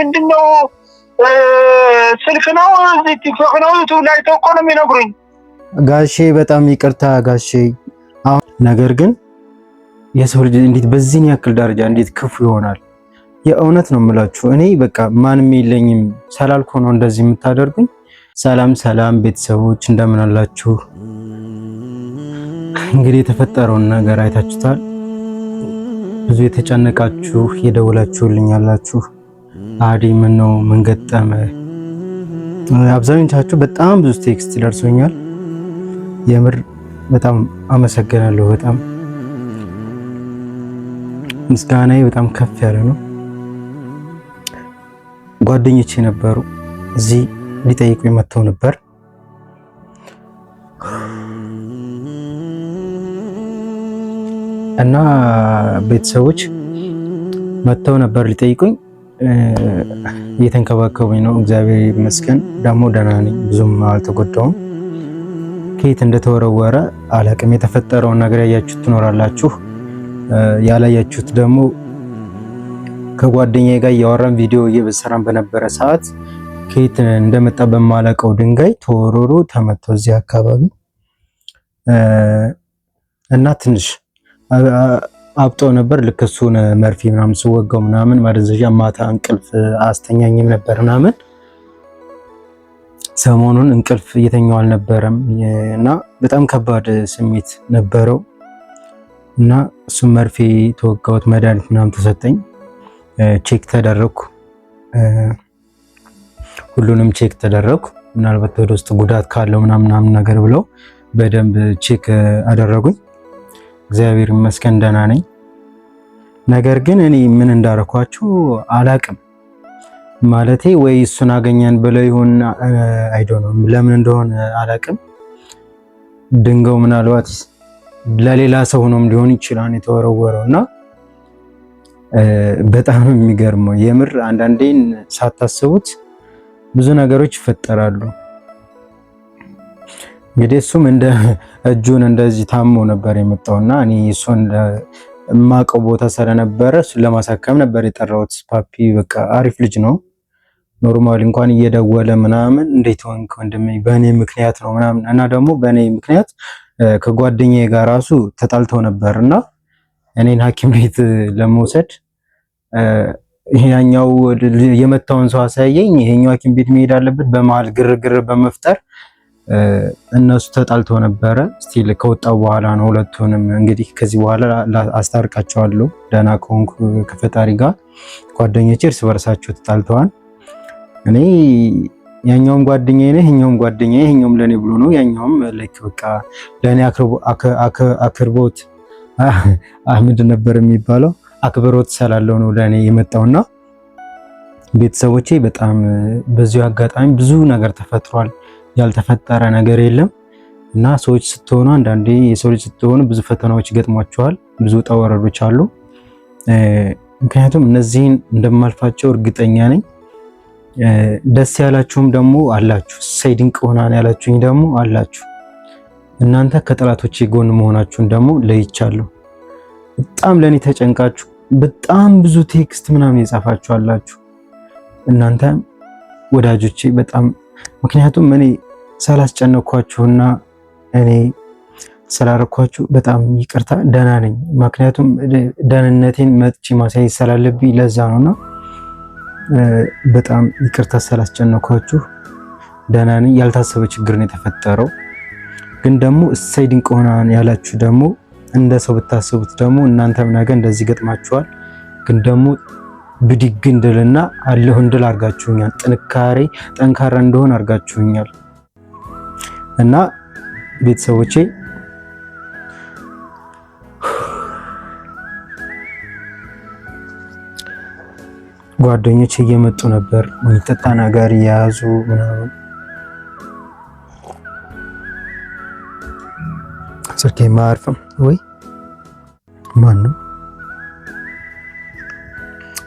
ምንድን ነው? ስልክ ነው እዚህ ቲክቶክ ነው ዩቱብ ላይ ነው የሚነግሩኝ። ጋሼ በጣም ይቅርታ ጋሼ። ነገር ግን የሰው ልጅ እንዴት በዚህን ያክል ደረጃ እንዴት ክፉ ይሆናል? የእውነት ነው የምላችሁ። እኔ በቃ ማንም የለኝም ሰላልኩ ነው እንደዚህ የምታደርጉኝ። ሰላም ሰላም ቤተሰቦች እንደምን አላችሁ? እንግዲህ የተፈጠረውን ነገር አይታችሁታል። ብዙ የተጨነቃችሁ የደውላችሁልኛላችሁ። አዴ ምነው ምን ገጠመህ? አብዛኞቻችሁ በጣም ብዙ ቴክስት ደርሶኛል። የምር በጣም አመሰግናለሁ። በጣም ምስጋናዬ በጣም ከፍ ያለ ነው። ጓደኞቼ ነበሩ እዚህ ሊጠይቁ መጥተው ነበር። እና ቤተሰቦች መጥተው ነበር ሊጠይቁኝ እየተንከባከቡኝ ነው። እግዚአብሔር ይመስገን። ደግሞ ደህና ነኝ፣ ብዙም አልተጎዳውም። ከየት እንደተወረወረ አላቅም። የተፈጠረውን ነገር ያያችሁት ትኖራላችሁ። ያላያችሁት ደግሞ ከጓደኛ ጋር እያወራን ቪዲዮ እየበሰራን በነበረ ሰዓት ከየት እንደመጣ በማላውቀው ድንጋይ ተወርሮ ተመቶ እዚህ አካባቢ እና ትንሽ አብጦ ነበር። ልክ እሱን መርፌ ምናምን ስወጋው ምናምን ማደንዘዣ ማታ እንቅልፍ አስተኛኝም ነበር ምናምን ሰሞኑን እንቅልፍ እየተኛው አልነበረም እና በጣም ከባድ ስሜት ነበረው እና እሱም መርፌ ተወጋሁት። መድኃኒት ምናምን ተሰጠኝ። ቼክ ተደረኩ፣ ሁሉንም ቼክ ተደረኩ ምናልባት ወደ ውስጥ ጉዳት ካለው ምናምን ነገር ብለው በደንብ ቼክ አደረጉኝ። እግዚአብሔር ይመስገን ደህና ነኝ። ነገር ግን እኔ ምን እንዳረኳችሁ አላቅም። ማለቴ ወይ እሱን አገኘን ብለው ይሁን አይዶነ ለምን እንደሆነ አላቅም። ድንገው ምናልባት ለሌላ ሰው ሆኖም ሊሆን ይችላል የተወረወረው እና በጣም ነው የሚገርመው። የምር አንዳንዴን ሳታስቡት ብዙ ነገሮች ይፈጠራሉ። እንግዲህ እሱም እንደ እጁን እንደዚህ ታሞ ነበር የመጣውና እኔ እሱን የማውቀው ቦታ ስለነበረ ለማሳከም ነበር የጠራሁት። ፓፒ በቃ አሪፍ ልጅ ነው። ኖርማል እንኳን እየደወለ ምናምን እንዴት ሆንክ ወንድሜ፣ በእኔ ምክንያት ነው ምናምን እና ደግሞ በእኔ ምክንያት ከጓደኛዬ ጋር ራሱ ተጣልተው ነበር እና እኔን ሐኪም ቤት ለመውሰድ ያኛው የመታውን ሰው አሳየኝ፣ ይሄኛው ሐኪም ቤት መሄድ አለበት በመሀል ግርግር በመፍጠር እነሱ ተጣልቶ ነበረ። ስቲል ከወጣው በኋላ ነው ሁለቱንም እንግዲህ ከዚህ በኋላ አስታርቃቸዋለሁ ደህና ከሆንኩ ከፈጣሪ ጋር። ጓደኞቼ እርስ በርሳቸው ተጣልተዋል። እኔ ያኛውም ጓደኛ ነ ይኸኛውም ጓደኛ ይኸኛውም ለእኔ ብሎ ነው። ያኛውም ለክ በቃ ለእኔ አክርቦት ምንድን ነበር የሚባለው አክብሮት ሰላለው ነው ለእኔ የመጣውና ቤተሰቦቼ በጣም በዚሁ አጋጣሚ ብዙ ነገር ተፈጥሯል። ያልተፈጠረ ነገር የለም እና ሰዎች ስትሆኑ አንዳንዴ የሰው ልጅ ስትሆኑ ብዙ ፈተናዎች ይገጥሟቸዋል። ብዙ ውጣ ወረዶች አሉ። ምክንያቱም እነዚህን እንደማልፋቸው እርግጠኛ ነኝ። ደስ ያላችሁም ደግሞ አላችሁ፣ እሰይ ድንቅ ሆናን ያላችሁኝ ደግሞ አላችሁ። እናንተ ከጠላቶች ጎን መሆናችሁን ደግሞ ለይቻለሁ። በጣም ለእኔ ተጨንቃችሁ በጣም ብዙ ቴክስት ምናምን የጻፋችሁ አላችሁ። እናንተ ወዳጆቼ በጣም ምክንያቱም እኔ ሳላስጨነኳችሁና እኔ ስላረኳችሁ በጣም ይቅርታ። ደህና ነኝ፣ ምክንያቱም ደህንነቴን መጥቼ ማሳየት ስላለብኝ ለዛ ነውና በጣም ይቅርታ ስላስጨነኳችሁ። ደህና ነኝ። ያልታሰበ ችግር ነው የተፈጠረው። ግን ደግሞ እሰይ ድንቅ ሆና ያላችሁ ደግሞ እንደ ሰው ብታስቡት ደግሞ እናንተም ነገ እንደዚህ ገጥማችኋል። ግን ደግሞ ብድግ እንድልና አለሁ እንድል አርጋችሁኛል ጥንካሬ ጠንካራ እንደሆን አድርጋችሁኛል። እና ቤተሰቦቼ ጓደኞች እየመጡ ነበር። የሚጠጣ ነገር እየያዙ ምናምን ስልኬ ማያርፍም ወይ ማን ነው?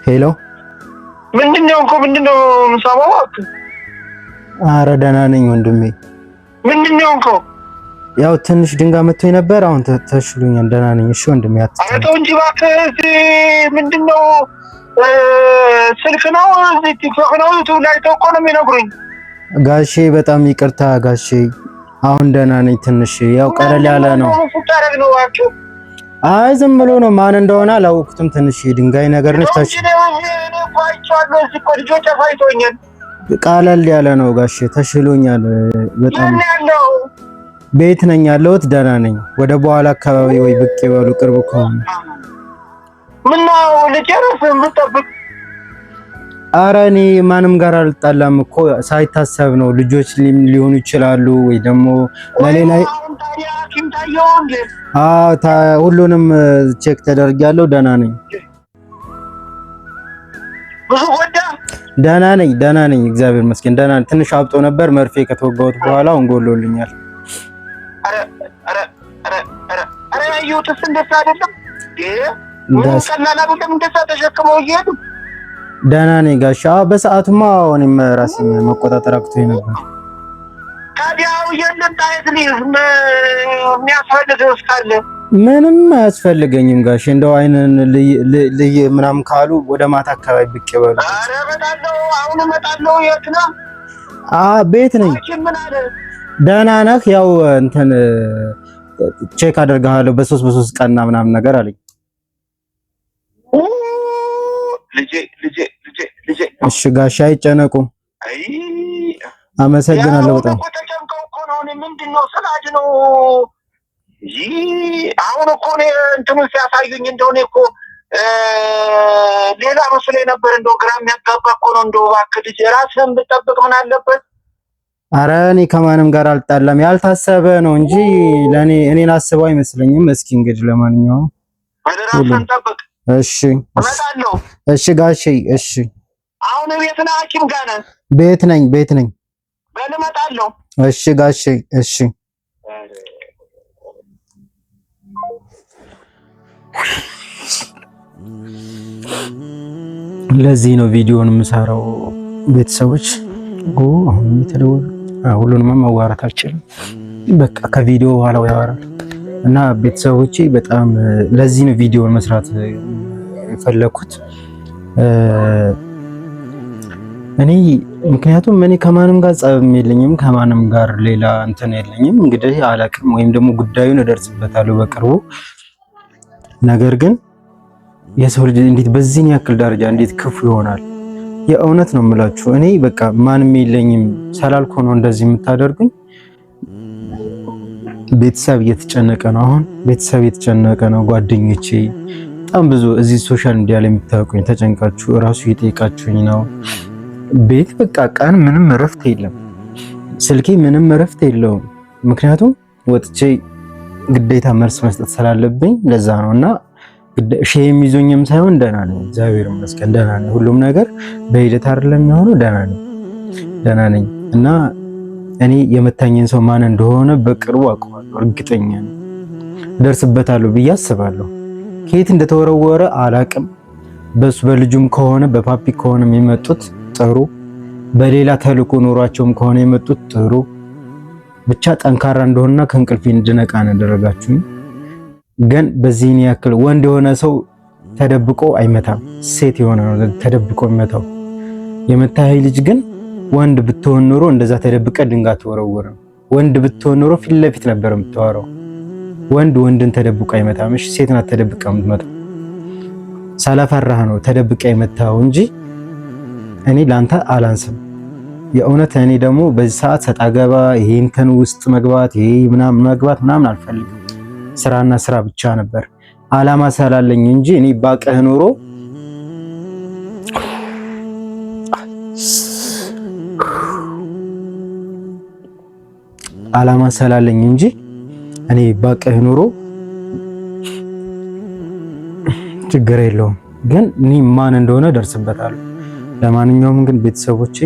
ሄሎ ምንድነው? እኮ ምንድነው የምሰማው? ኧረ ደህና ነኝ ወንድሜ ምንድን ነው ያው ትንሽ ድንጋይ መጥቶኝ ነበር። አሁን ተሽሉኛል፣ ደህና ነኝ። እሺ ወንድሜ አትተው። እንጂ እባክህ። እዚህ ምንድን ነው ስልክ ነው እዚህ ቲክቶክ ነው ላይ ነው የሚነግሩኝ። ጋሼ በጣም ይቅርታ ጋሼ፣ አሁን ደህና ነኝ። ትንሽ ያው ቀለል ያለ ነው። አይ ዝም ብሎ ነው፣ ማን እንደሆነ አላወቅሁትም። ትንሽ ድንጋይ ነገር ነች ታች ልጆች አፋይቶኛል ቃለል ያለ ነው ጋሽ፣ ተሽሎኛል በጣም ቤት ነኝ ያለሁት፣ ደህና ነኝ። ወደ በኋላ አካባቢ ወይ ብቅ ይበሉ ቅርብ ከሆነ ምነው እኔ ማንም ጋር አልጣላም እኮ ሳይታሰብ ነው። ልጆች ሊሆኑ ይችላሉ ወይ ደግሞ ለሌላ ሁሉንም ቼክ ተደርጊያለሁ፣ ደህና ነኝ ብዙ ደህና ነኝ፣ ደህና ነኝ፣ እግዚአብሔር ይመስገን ደህና ነኝ። ትንሽ አብጦ ነበር መርፌ ከተወጋሁት በኋላ እንጎሎልኛል። አረ ያየሁትስ እንደዛ አይደለም፣ ደህና ነኝ ጋሻ። በሰዓቱማ እኔም መቆጣጠር አቅቶኝ ነበር። የለም የሚያስፈልግ እስካለ ምንም አያስፈልገኝም ጋሽ እንደው አይንን ልይ ምናምን ካሉ ወደ ማታ አካባቢ ብቅ ይበሉ። አሁን እመጣለሁ። የት ነህ? ቤት ነኝ። ደህና ነህ? ያው እንትን ቼክ አደርግሃለሁ በሶስት በሶስት ቀና ምናምን ነገር አለኝ። እሺ ጋሽ አይጨነቁ። አመሰግናለሁ በጣም ይህ አሁን እኮ እንትኑን ሲያሳዩኝ እንደሆነ እኮ ሌላ መስሎ የነበር እንደው ግራ የሚያጋባ እኮ ነው። እንደው እባክህ ልጅ ራስህን ብጠብቅ ምን አለበት? አረ እኔ ከማንም ጋር አልጣላም። ያልታሰበ ነው እንጂ ለእኔ እኔን አስበው አይመስለኝም። እስኪ እንግዲህ ለማንኛውም ራስህን ጠብቅ። እሺ እመጣለሁ። እሺ ጋሼ። እሺ አሁን ቤት ነህ? ሐኪም ጋር ነህ? ቤት ነኝ፣ ቤት ነኝ። በል እመጣለሁ። እሺ ጋሼ። እሺ ለዚህ ነው ቪዲዮን የምሰራው። ቤተሰቦች ጎ አሁን የተደወሉ ሁሉንም መዋራት አልችልም። በቃ ከቪዲዮ በኋላ ያወራል እና ቤተሰቦች በጣም ለዚህ ነው ቪዲዮን መስራት የፈለኩት እኔ ምክንያቱም እኔ ከማንም ጋር ጸብም የለኝም፣ ከማንም ጋር ሌላ እንትን የለኝም። እንግዲህ አላቅም ወይም ደግሞ ጉዳዩን እደርስበታለሁ በቅርቡ ነገር ግን የሰው ልጅ እንዴት በዚህን ያክል ደረጃ እንዴት ክፉ ይሆናል? የእውነት ነው የምላችሁ። እኔ በቃ ማንም የለኝም ሰላልኩ ነው እንደዚህ የምታደርጉኝ። ቤተሰብ እየተጨነቀ ነው አሁን፣ ቤተሰብ እየተጨነቀ ነው። ጓደኞቼ በጣም ብዙ እዚህ ሶሻል ሚዲያ ላይ የምታውቁኝ ተጨንቃችሁ እራሱ እየጠየቃችሁኝ ነው። ቤት በቃ ቀን ምንም እረፍት የለም፣ ስልኬ ምንም እረፍት የለውም። ምክንያቱም ወጥቼ ግዴታ መልስ መስጠት ስላለብኝ ለዛ ነው እና እሺ የሚዞኝም ሳይሆን ደህና ነኝ፣ እግዚአብሔር ይመስገን ደህና ነኝ። ሁሉም ነገር በሂደት አይደለም የሚሆነው። ደህና ነኝ፣ ደህና ነኝ እና እኔ የመታኝን ሰው ማን እንደሆነ በቅርቡ አውቀዋለሁ። እርግጠኛ ነኝ ደርስበታለሁ ብዬ አስባለሁ። ከየት እንደተወረወረ አላቅም። በሱ በልጁም ከሆነ በፓፒ ከሆነ የመጡት ጥሩ፣ በሌላ ተልዕኮ ኑሯቸውም ከሆነ የመጡት ጥሩ ብቻ ጠንካራ እንደሆነና ከእንቅልፌ እንድነቃ ነው ያደረጋችሁኝ። ግን በዚህን ያክል ወንድ የሆነ ሰው ተደብቆ አይመታም። ሴት የሆነ ነው ተደብቆ የሚመታው። የመታኸኝ ልጅ ግን ወንድ ብትሆን ኖሮ እንደዛ ተደብቀ ድንጋይ ተወረወረ። ወንድ ብትሆን ኖሮ ፊት ለፊት ነበር የምታወራው። ወንድ ወንድን ተደብቆ አይመታም። እሺ ሴት ናት ተደብቃ የምትመጣው። ሳላፈራህ ነው ተደብቀ የመታው እንጂ እኔ ላንተ አላንስም። የእውነት እኔ ደግሞ በዚህ ሰዓት ሰጣገባ ገባ ይሄ እንትን ውስጥ መግባት ይሄ ምናምን መግባት ምናምን አልፈልግም። ስራና ስራ ብቻ ነበር አላማ ስላለኝ እንጂ እኔ ባቀህ ኖሮ አላማ ስላለኝ እንጂ እኔ ባቀህ ኖሮ ችግር የለውም። ግን እኔ ማን እንደሆነ ደርስበታለሁ። ለማንኛውም ግን ቤተሰቦቼ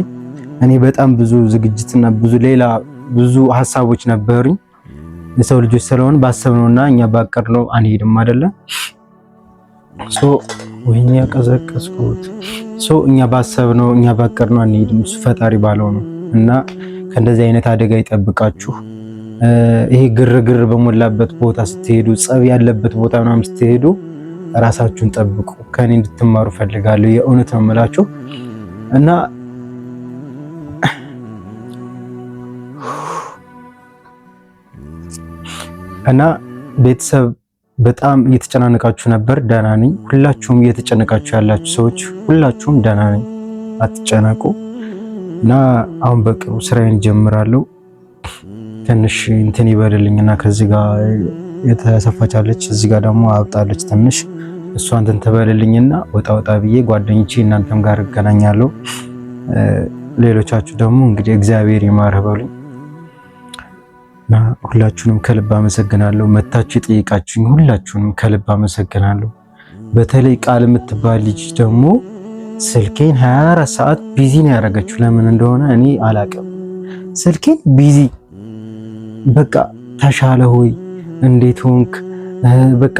እኔ በጣም ብዙ ዝግጅትና ብዙ ሌላ ብዙ ሀሳቦች ነበሩኝ። የሰው ልጆች ስለሆን ባሰብነውና እኛ ባቀድነው አንሄድም አይደለ? ሶ ወይኛ ቀዘቀዝኩት። ሶ እኛ ባሰብነው እኛ ባቀድነው አንሄድም፣ እሱ ፈጣሪ ባለው ነው። እና ከእንደዚህ አይነት አደጋ ይጠብቃችሁ። ይሄ ግርግር በሞላበት ቦታ ስትሄዱ፣ ጸብ ያለበት ቦታ ምናምን ስትሄዱ ራሳችሁን ጠብቁ። ከኔ እንድትማሩ ፈልጋለሁ። የእውነት ነው የምላችሁ እና እና ቤተሰብ በጣም እየተጨናነቃችሁ ነበር። ደህና ነኝ። ሁላችሁም እየተጨነቃችሁ ያላችሁ ሰዎች ሁላችሁም ደህና ነኝ፣ አትጨነቁ። እና አሁን በቅርቡ ስራዬን ጀምራለሁ። ትንሽ እንትን ይበልልኝና ከዚህ ጋር የተሰፋቻለች እዚህ ጋር ደግሞ አብጣለች ትንሽ እሷ እንትን ትበልልኝና ወጣ ወጣ ብዬ ጓደኞቼ እናንተም ጋር እገናኛለሁ። ሌሎቻችሁ ደግሞ እንግዲህ እግዚአብሔር ይማረህ በሉኝ። እና ሁላችሁንም ከልብ አመሰግናለሁ። መታችሁ የጠየቃችሁኝ ሁላችሁንም ከልብ አመሰግናለሁ። በተለይ ቃል የምትባል ልጅ ደግሞ ስልኬን 24 ሰዓት ቢዚ ነው ያደረገችው። ለምን እንደሆነ እኔ አላቅም። ስልኬን ቢዚ በቃ ተሻለ ሆይ እንዴት ሆንክ? በቃ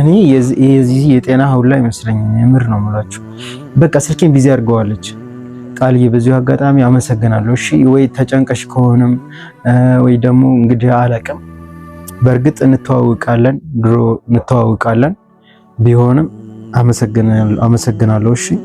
እኔ የዚህ የጤና ሁላ ይመስለኛል። የምር ነው የምላችሁ። በቃ ስልኬን ቢዚ አድርገዋለች። ቃልዬ በዚሁ አጋጣሚ አመሰግናለሁ። እሺ ወይ ተጨንቀሽ ከሆነም ወይ ደግሞ እንግዲህ አላቅም። በእርግጥ እንተዋውቃለን፣ ድሮ እንተዋውቃለን። ቢሆንም አመሰግናለሁ። እሺ